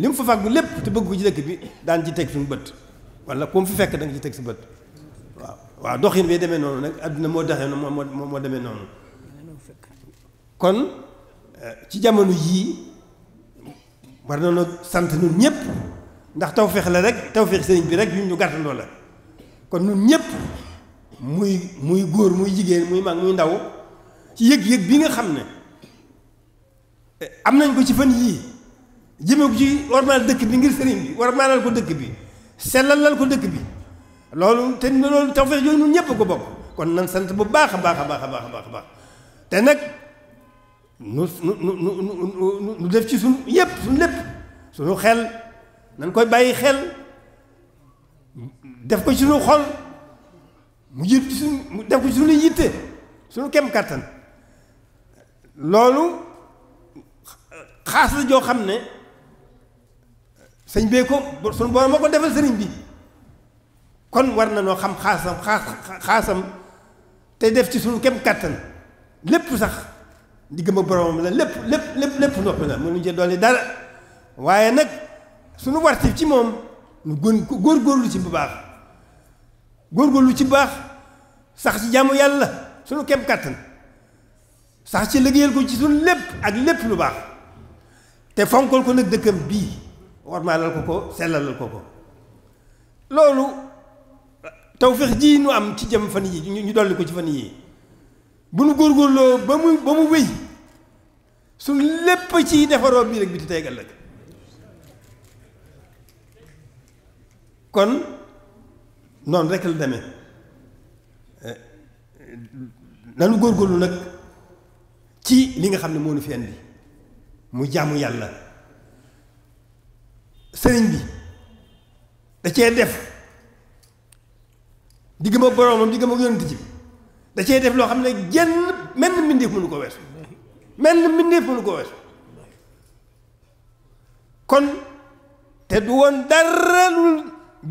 li mu fa fàggu lepp te bëgg ko ci dëkk bi daan ci teg suñu bët wala ku fi fekk da nga ci teg ci bët waaw waaw doxin bi demee noonu nag àdduna moo doxee noonu moo moo demee noonu kon euh, ci jamono yii war na nañoo sant ñun ñëpp ndax tawféex la rek tawféex sëriñ bi rek yu ñu gàttandoo la kon ñun ñëpp muy muy góor muy jigéen muy mag muy ndaw ci yëg-yëg bi nga xam ne euh, am nañ ko ci fan yii. jëme ko ci warmaal dëkk bi ngir sëriñ bi warmaalal ko dëkk bi lal ko dëkk bi loolu te loolu tawfeex yooyu ñun ñëpp ko bokk kon nan sant bu baax a baax baax a a baax te nag nu nu nu def ci suñu yëpp su lépp suñu xel nan koy bàyyi xel def ko ci suñu xol mu ci suñu def ko ci suñu yitte suñu kem kàttan loolu xaas joo xam ne sëñ bee ko suñu borom moo ko defal sëriñ bi kon war na noo xam xaasam xaasam te def ci suñu kem kàttan lépp sax diggam ak boromam la lépp lépp lépp lépp noppi la mënuñ ci dolli dara waaye nag suñu wartif ci moom nu gën góorgóorlu ci bu baax góorgóorlu ci baax sax ci jàmm yàlla suñu kem kàttan sax ci liggéeyal ko ci suñu lépp ak lépp lu baax te fonkal ko nag dëkkam bii warmaalal ko ko sellalal ko ko loolu tawféex ji nu am ci jëm fan yi ñu dolli ko ci fan yi bu nu góorgóorloo ba mu ba mu wéy su lépp ci defaroo bii rek bi ti tey kon noonu rek la demee eh, nanu góorgóorlu nag ci li nga xam ne moo nu fi andi mu jàmm yàlla sëriñ bi da cee def diggam ak boroomam diggam ak yonent ji da cee def loo xam ne jenn menn mbindeef mënu ko weesu menn mbindeef ko weesu kon te du woon dara lu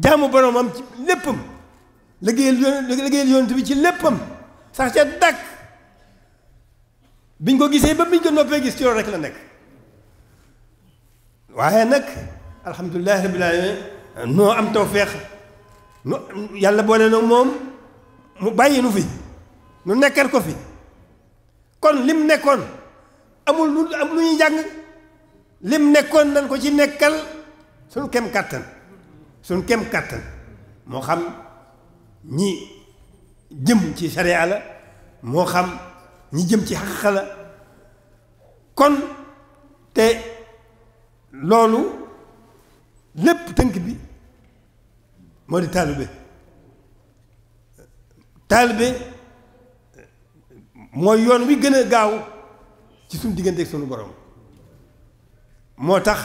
jaamu boroomam ci léppam liggéeyal yoon liggéeyal yonent bi ci léppam sax ca dàkk biñ ko gisee ba biñ ko noppee gis ci loolu rek la nekk waaye nag alhamdulilahi rabbil alamin noo am tawféex nu yàlla boole nag moom mu bàyyi nu fi nu nekkal ko fi kon lim nekkoon amul lu am lu ñuy jàng lim nekkoon dañ ko ci nekkal suñ kem kàttan suñ kem kàttan moo xam ñi jëm ci sariya la moo xam ñi jëm ci xaq la kon te loolu lépp tënk bi moo di taalibe taalibe moo yoon wi gën a gaaw ci suñu diggante ak suñu borom moo tax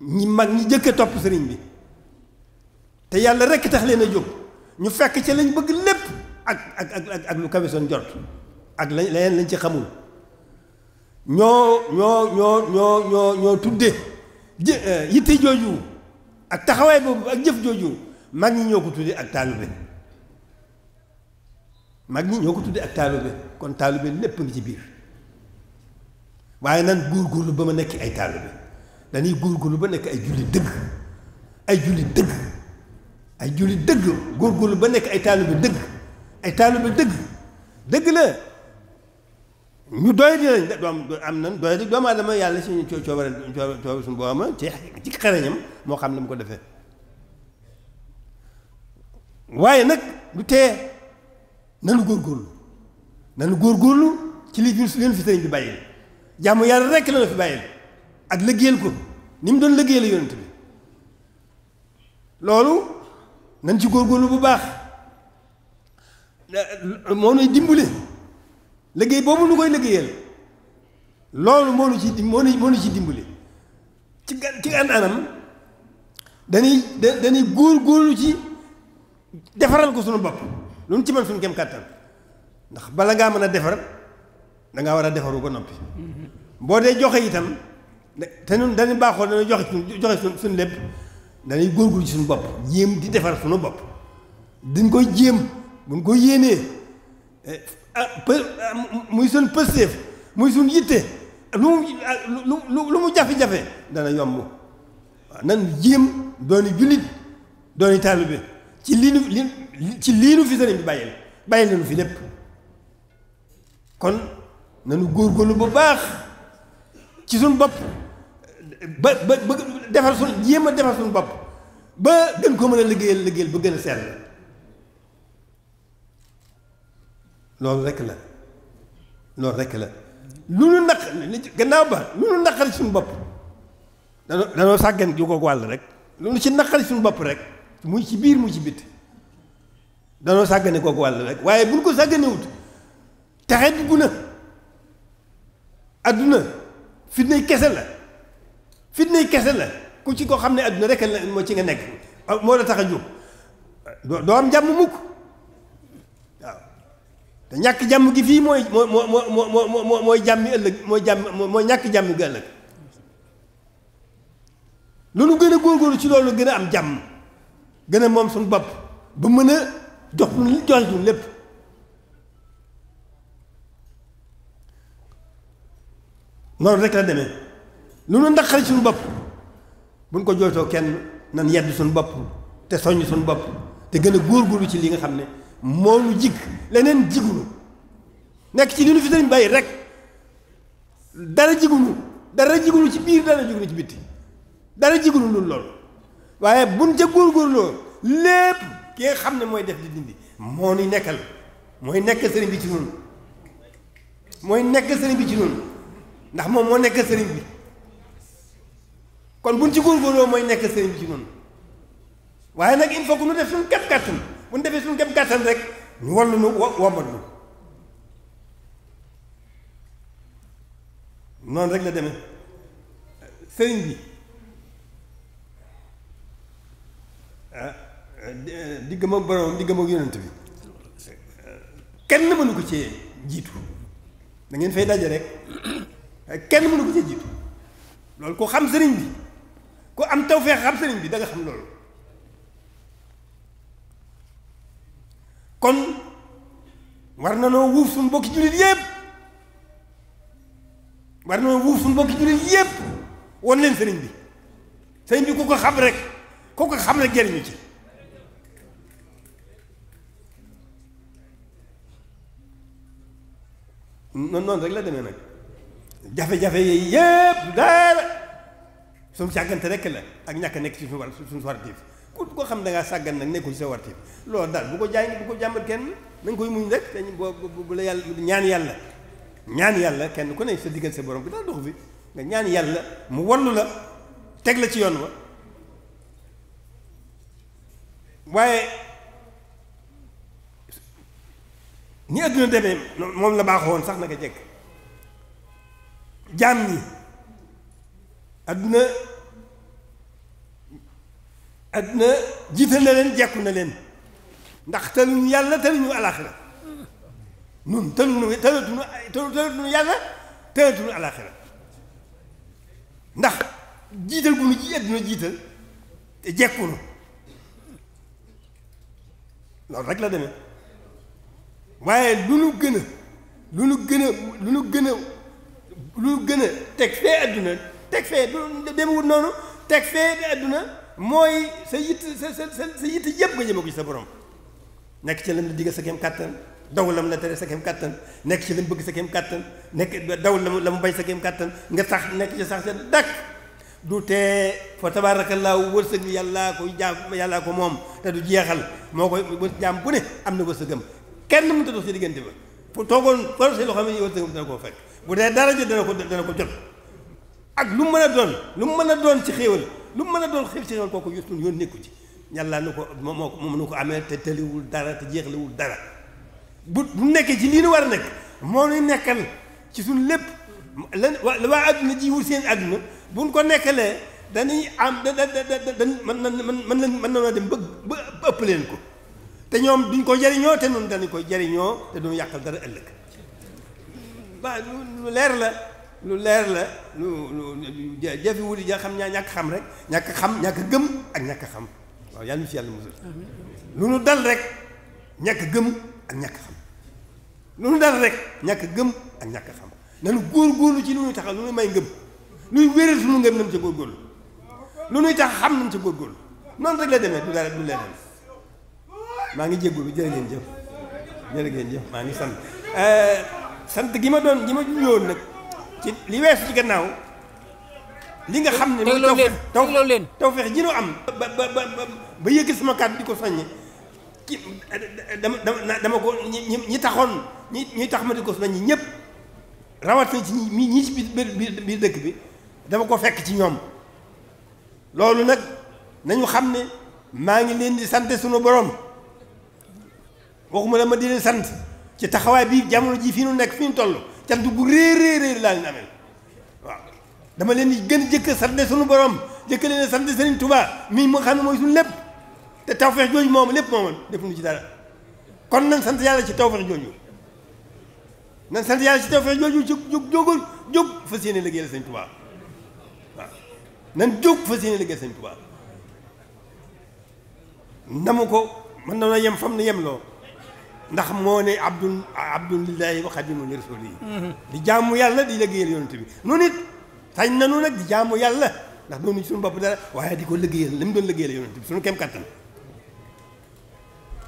ñi mag ñi jëkk topp sëriñ bi te yàlla rekk tax leen a jóg ñu fekk ci lañ bëgg lépp ak ak ak ak lu kawe seen jot ak lañ leneen lañ ci xamul ñoo ñoo ñoo ñoo ñoo ñoo tudde jë euh, yitte jooju ak taxawaay boobu ak jëf jooju mag ñi ñoo ko tuddee ak taalube mag ñi ñoo tuddee ak taalube kon taalube lépp ngi ci biir waaye nan góorgóorlu ba ma nekk ay taalube dañuy góorgóorlu ba nekk ay julli dëgg ay julli dëgg ay julli dëgg góorgóorlu ba nekk ay taalube dëgg ay taalube dëgg dëgg la. ñu doy di lañ doom am nan doy di doomu aadama yàlla suñu coobare coobare suñu boobam ci ci xarañam moo xam ne mu ko defee waaye nag du tee nanu góorgóorlu nanu góorlu ci li leen fi sëriñ bi bàyyil jàmm yàlla rekk la fi bàyyil ak liggéeyal ko ni mu doon liggéeyal yonent bi loolu nañ ci góorlu bu baax moo nuy dimbali liggéey boobu nu koy liggéeyal loolu moo nu ci moo nu ci dimbali ci gan ci gan anam dañuy dañuy góor góorlu ci defaral ko sunu bopp lu nu ci man suñu kem kàttan ndax bala ngaa mën a defar danga war a defaru ko noppi boo dee joxe itam te ñun dañu baaxoo dañu joxe joxe suñ suñ lépp dañuy góorgóorlu ci suñu bopp jéem di defar sunu bopp dañ koy jéem buñ ko yéenee eh, Euh, euh, muy suñ pëstéef muy suñ yité euh, lu lu lu mu jafé jafé dana yomb waaw nan jéem dooni julit dooni talibé ci lii li ci lii nu fi sëriñ bi bayel bayel nañu fi lépp kon nanu góorgóorlu bu baax ci sun bop ba ba ba sun suñ jéem sun bop ba gën ko mëna liggéeyal liggéeyal ba gën loolu rek la loolu rek la lu nu naq gannaaw ba lu nu naqari suñu bopp danoo danoo sàggan ju ko wàll rek lu nu ci naqari suñu bopp rek muy ci biir mu ci bitt danoo sàggane kooku wàll rek waaye buñ ko sàgganewut taxe dugg na adduna fitnay kese la fitnay kese la ku ci koo xam ne adduna rek la moo ci nga nekk moo la tax a jóg doo am jàmm mukk te ñàkk jàmm gi fii mooy moo moo moo moo mooy jàmmi ëllëg mooy jàmm mooy ñàkk jàmm gi ëllëg lu nu gën a góorgóorlu ci loolu gën a am jàmm gën a moom suñu bopp ba mën a jox lu jox lu lépp noonu rek la demee lu nu ndaxal suñu bopp buñ ko jooytoo kenn nan yedd suñu bopp te soññ suñu bopp te gën a góorgóorlu ci li nga xam ne moo nu jig leneen jigunu nekk ci li nu fi sëriñ bàyyi rek dara jigunu dara jigunu ci biir dara jigunu ci bitti dara jigunu lul loolu waaye buñ ca góorgóorloo lépp ki nga xam ne mooy def di dindi moo nu nekkal mooy nekk sëriñ bi ci noonu mooy nekk sëriñ bi ci noonu ndax moom moo nekk sëriñ bi kon buñ ci góorgóorloo mooy nekk sëriñ bi ci noonu waaye nag il faut nu def suñ kat kàttan bu ñu defee suñu gëm gàttal rek ñu wallu nu wombat nu noonu rek la demee sëriñ bi ah, eh, diggam ak borom diggam ak yonent bi kenn mënu ko ci jiitu da ngeen fay daje rek kenn mënu ko ci jiitu loolu ku xam sëriñ bi ku am tawfeex xam sëriñ bi da nga xam loolu kon war na noo wuuf suñu bokki jullit yépp war na noo wuuf suñu bokki jullit yépp won leen sëriñ bi sëriñ bi ku ko xam rek ku ko xam rek jëriñu ci noonu noonu rek la demee nag jafe-jafe yi yépp daara suñu càggante rek la ak ñàkk nekk ci suñu war suñu wartiif ku ko xam da ngaa sàggan nag nekkul sa warti loolu daal bu ko jaay bu ko jàmbat kenn na koy muñ rek te bu la yàlla ñaan yàlla ñaan yàlla kenn ku ne sa diggante sa borom bi daal dox fi nga ñaan yàlla mu wallu la teg la ci yoon wa waaye ni adduna demee moom la woon sax naka jekk jaam ñi adduna أدنى جيتنا لين جاكونا لين نختل يلا تلنو على خير نون تلنو تلنو تلنو تلنو يلا تلنو على خير نخ جيتل بنو جي أدنى جيتل جاكونا لا رجلا دم واي لونو جنة لونو جنة لونو جنة لونو جنة تكفي أدنى تكفي دم ودنا نو تكفي أدنى mooy sa yitt sa sa sa yitt yëpp nga jëme ko ci sa borom nekk ci lam la diggal sa kem kàttan daw lam la tere sa kem kàttan nekk ci lam bëgg sa kem kattan nekk daw lam la mu bañ sa kem kattan nga sax nekk ci sax sa dakk du tee fa tabaarakallaahu wërsëg yàllaa ko jaam yàllaa ko moom te du jeexal moo koy jaam bu ne am na wërsëgam kenn mënut a dox si diggante ba fu toogoon kon si loo xam ne wërsëgam dana koo fekk bu dee dara jot dana ko dana ko jot ak lu mu mën a doon lu mu mën a doon ci xéewal lu mu mën doon xel ci ko kooku yottul yoon nekku ci yàlla nu ko moo ko moom nu ko amee te tëliwul dara te jeexlewul dara bu bu nekkee ci lii nu war a nekk moo nu nekkal ci suñ lépp lan waa àdduna ji wul seen ko nekkalee dañuy am da da da da man man man man man na dem ba ba ëpp leen ko te ñoom duñ ko jariñoo te noonu dañu koy jariñoo te duñu yàqal dara ëllëg waaw lu leer la lu leer la lu lu jafe wuti ja xam ñaa ñàkk xam rek ñàkk xam ñàkk gëm ak ñàkk xam waaw yàlla ñu ci yàlla musal lu nu dal ñàkk gëm ak ñakk xam lu nu dal rek ñàkk gëm ak ñàkk xam nanu góorgóorlu ci lu ñuy taxal lu ñuy may ngëm luy wéral suñu ngëm nañ ca góorgóorlu lu ñuy tax xam nañ ca góorgóorlu noonu rek la demee du dara du maa ngi jéggulu jërë ngeen jëf jërë ngeen jëf maa ngi sant eh, sant gi ma doon gi ma ñëwoon nag ci li weesu ci gannaaw li nga xam ne tegloo leen tegloo leen tawfeex ji am ba ba ba ba yëgal sama kàddu di ko soññi ki dama dama dama ko ñi ñi taxoon ñi ñi tax ma di ko soññi ñëpp rawatina ci ñi ñi ci biir biir dëkk bi dama ko fekk ci ñoom loolu nag nañu xam ne maa ngi leen di sant sunu borom waxuma la ma di leen sant ci taxawaay bii jamono jii fii nu nekk fii nu toll cant bu réer réer laa leen amel waaw dama leen di gën jëkk sant suñu borom jëkk leen sant Serigne Touba mi mu xam ne mooy suñu lépp te tawfeex jooju moom lépp moomoon def nu ci dara kon nan sant yàlla ci tawfeex jooju nan sant yàlla ci jóg jógul jóg fas yéene liggéeyal Serigne Touba waaw nan jóg fas yéene liggéeyal na mu ko mën na yem fam na yem loo ndax moo ne abdul abdulillahi wa xadimu rasuli mm-hmm. di jaamu yàlla di liggéeyal yonent bi nu nit sañ na nag di jaamu yàlla ndax doonu suñu bopp dara waaye di ko liggéeyal li mu doon liggéeyal yonent bi suñu kem kattan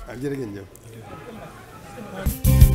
waaw ah, jërë ngeen